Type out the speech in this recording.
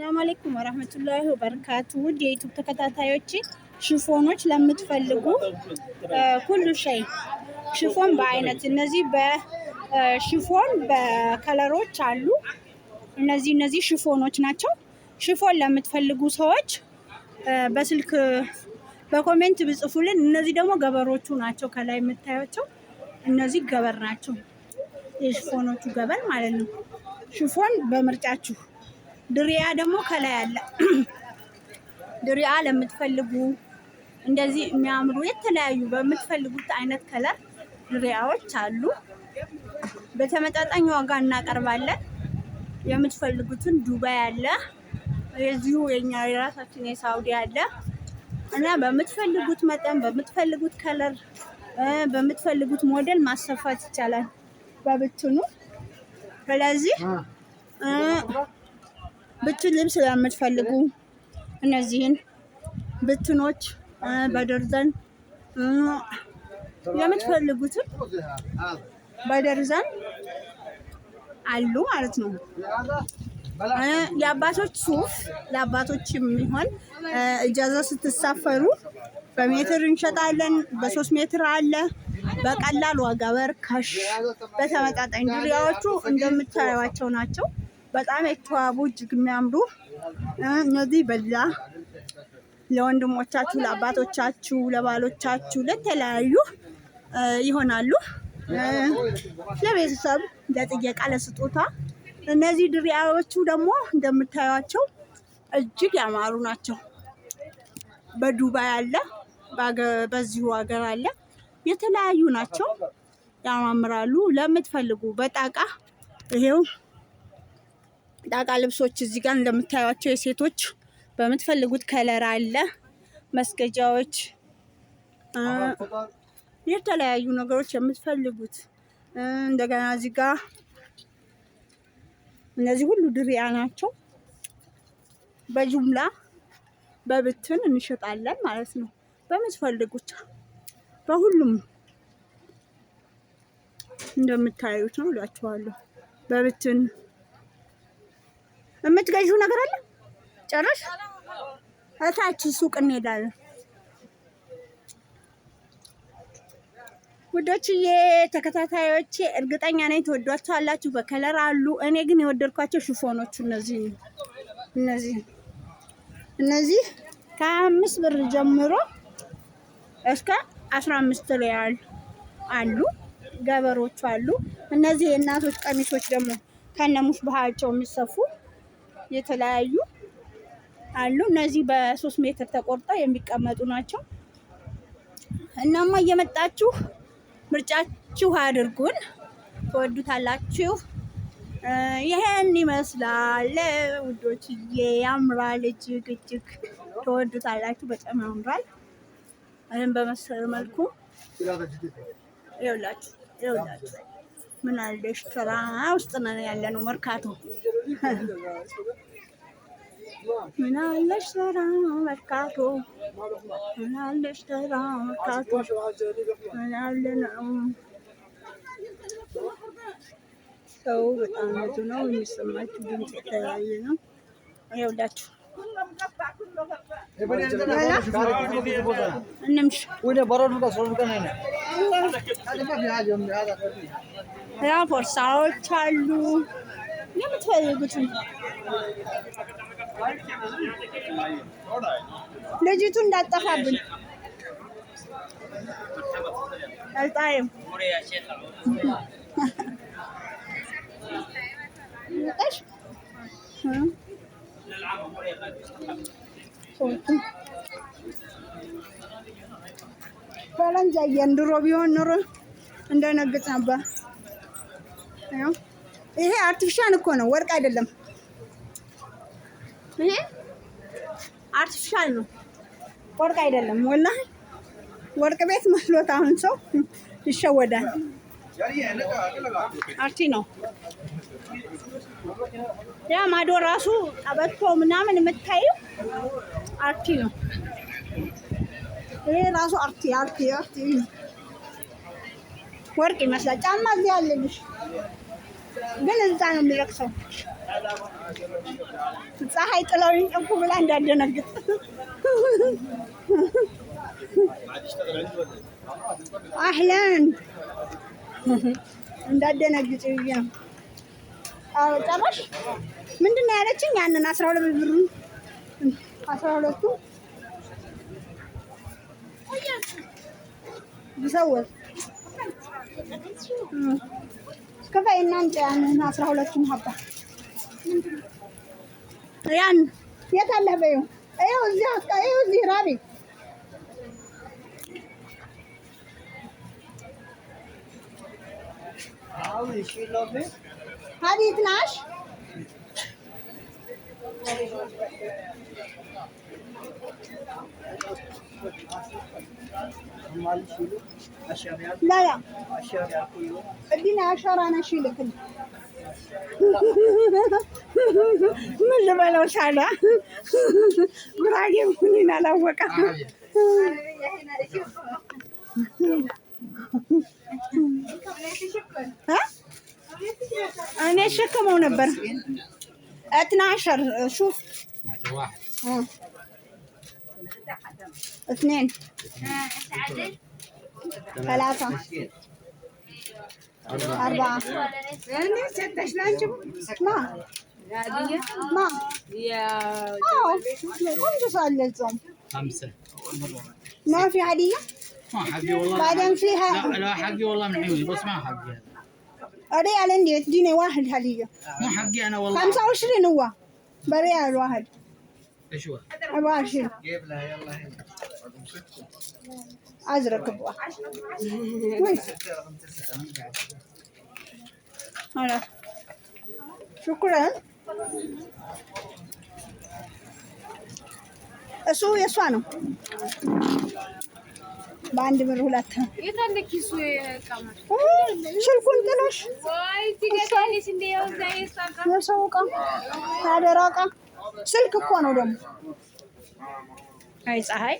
ሰላም አለይኩም ወራህመቱላሂ ወበረካቱ። ውድ የዩቲዩብ ተከታታዮች ሽፎኖች ለምትፈልጉ ሁሉ ሸይ ሽፎን በአይነት እነዚህ በሽፎን በከለሮች አሉ። እነዚህ እነዚህ ሽፎኖች ናቸው። ሽፎን ለምትፈልጉ ሰዎች በስልክ በኮሜንት ብጽፉልን። እነዚህ ደግሞ ገበሮቹ ናቸው። ከላይ የምታያቸው እነዚህ ገበር ናቸው። የሽፎኖቹ ገበር ማለት ነው። ሽፎን በምርጫችሁ ድሪያ ደግሞ ከላይ አለ። ድሪያ ለምትፈልጉ እንደዚህ የሚያምሩ የተለያዩ በምትፈልጉት አይነት ከለር ድሪያዎች አሉ። በተመጣጣኝ ዋጋ እናቀርባለን። የምትፈልጉትን ዱባይ አለ፣ የዚሁ የኛ የራሳችን የሳውዲ አለ እና በምትፈልጉት መጠን በምትፈልጉት ከለር በምትፈልጉት ሞዴል ማሰፋት ይቻላል በብትኑ ስለዚህ ብትን ልብስ ለምትፈልጉ እነዚህን ብትኖች በደርዘን የምትፈልጉትን በደርዘን አሉ ማለት ነው። የአባቶች ሱፍ ለአባቶች የሚሆን እጃዛ ስትሳፈሩ በሜትር እንሸጣለን። በሶስት ሜትር አለ። በቀላል ዋጋ በርካሽ፣ በተመጣጣኝ ድሪያዎቹ እንደምታዩዋቸው ናቸው። በጣም የተዋቡ እጅግ የሚያምሩ እነዚህ በዛ ለወንድሞቻችሁ፣ ለአባቶቻችሁ፣ ለባሎቻችሁ ለተለያዩ ይሆናሉ። ለቤተሰብ ለጥየቃ፣ ለስጦታ። እነዚህ ድሪያዎቹ ደግሞ እንደምታዩቸው እጅግ ያማሩ ናቸው። በዱባይ አለ፣ በዚሁ ሀገር አለ። የተለያዩ ናቸው፣ ያማምራሉ። ለምትፈልጉ በጣቃ ይሄው ጣቃ ልብሶች እዚህ ጋር እንደምታዩቸው የሴቶች በምትፈልጉት ከለር አለ። መስገጃዎች፣ የተለያዩ ነገሮች የምትፈልጉት እንደገና እዚህ ጋር እነዚህ ሁሉ ድሪያ ናቸው። በጅምላ በብትን እንሸጣለን ማለት ነው። በምትፈልጉት በሁሉም እንደምታዩት ነው እላችኋለሁ በብትን የምትገዢው ነገር አለ ጨረሽ? እታች ሱቅ እንሄዳለን። ውዶችዬ ተከታታዮቼ እርግጠኛ ነኝ አላችሁ በከለር አሉ። እኔ ግን የወደድኳቸው ሽፎኖቹ እነዚህ እነዚህ እነዚህ ከአምስት ብር ጀምሮ እስከ አስራ አምስት ሪያል አሉ። ገበሮቹ አሉ። እነዚህ የእናቶች ቀሚሶች ደግሞ ከነሙሽ ባህቸው የሚሰፉ የተለያዩ አሉ። እነዚህ በሶስት ሜትር ተቆርጠው የሚቀመጡ ናቸው። እናማ እየመጣችሁ ምርጫችሁ አድርጉን፣ ትወዱታላችሁ። ይሄን ይመስላል ውዶችዬ፣ ያምራል፣ እጅግ እጅግ ትወዱታላችሁ። በጣም ያምራል። ይህን በመሰለ መልኩ ይኸውላችሁ ይኸውላችሁ ምን አለ ተራ ውስጥ ነው ያለ ነው መርካቶ من على الشرام والكاتو من على الشرام والكاتو من على النعوم ሰው በጣም ብዙ ነው የሚሰማችሁ ድምፅ የተለያየ ነው። ይኸውላችሁ ፎርሳዎች አሉ። የምትፈልጉትን ልጅቱ እንዳጠፋብን አልጣይም ፈረንጅ አየን። ድሮ ቢሆን ኑሮ እንደነግጥ ነበር። ይሄ አርቲፊሻን እኮ ነው፣ ወርቅ አይደለም። ይሄ አርቲፊሻል ነው፣ ወርቅ አይደለም። ወላሂ ወርቅ ቤት መስሎት አሁን ሰው ይሸወዳል። አርቲ ነው ያ ማዶ ራሱ ቀበቶ ምናምን የምታየው አርቲ ነው። ይሄ ራሱ አርቲ አርቲ አርቲ ወርቅ ይመስላል። ጫማ እዚህ አለልሽ ግን እዛ ነው የሚረክሰው። ፀሐይ ጥለውኝ ጠንኩ ብላ እንዳደነግጥ አህለን እንዳደነግጥ ብዬ ነው። ጨረሽ ምንድን ነው ያለችኝ? ያንን አስራ ሁለት ብሩ አስራ ሁለቱ ይሰወር ከዛ እናንተ ያንን አስራ ሁለቱም ሀባ ያን የት አለ በይው ይኸው እዚህ አስቀ ይኸው እዚህ ራቢ ሀዲት ናሽ Thank لا لا ادينا عشرة يوم اديني 10 انا اشيلك انت ምን ልበለው ሳላ ጉራጌ ምንን አላወቀ እኔ እሸከመው اثنى عشر شوف ሹፍ اثنين ثلاثة أربعة يعني ما ما يا آه، كم خمسة ما في عادية؟ ما حقي والله بعدين فيها لا, حقي والله من عيوني بس ما حقي أري على عندي تديني واحد هدية مو حقي أنا والله 25 هو بريال واحد ايش هو؟ 24 جيب لها يلا هنا أزرق بقى እሱ የእሷ ነው። በአንድ ብር ሁለት ስልኩን ጥሎሽ የሰው እቃ፣ አደራ እቃ ስልክ እኮ ነው ደግሞ አይ ፀሐይ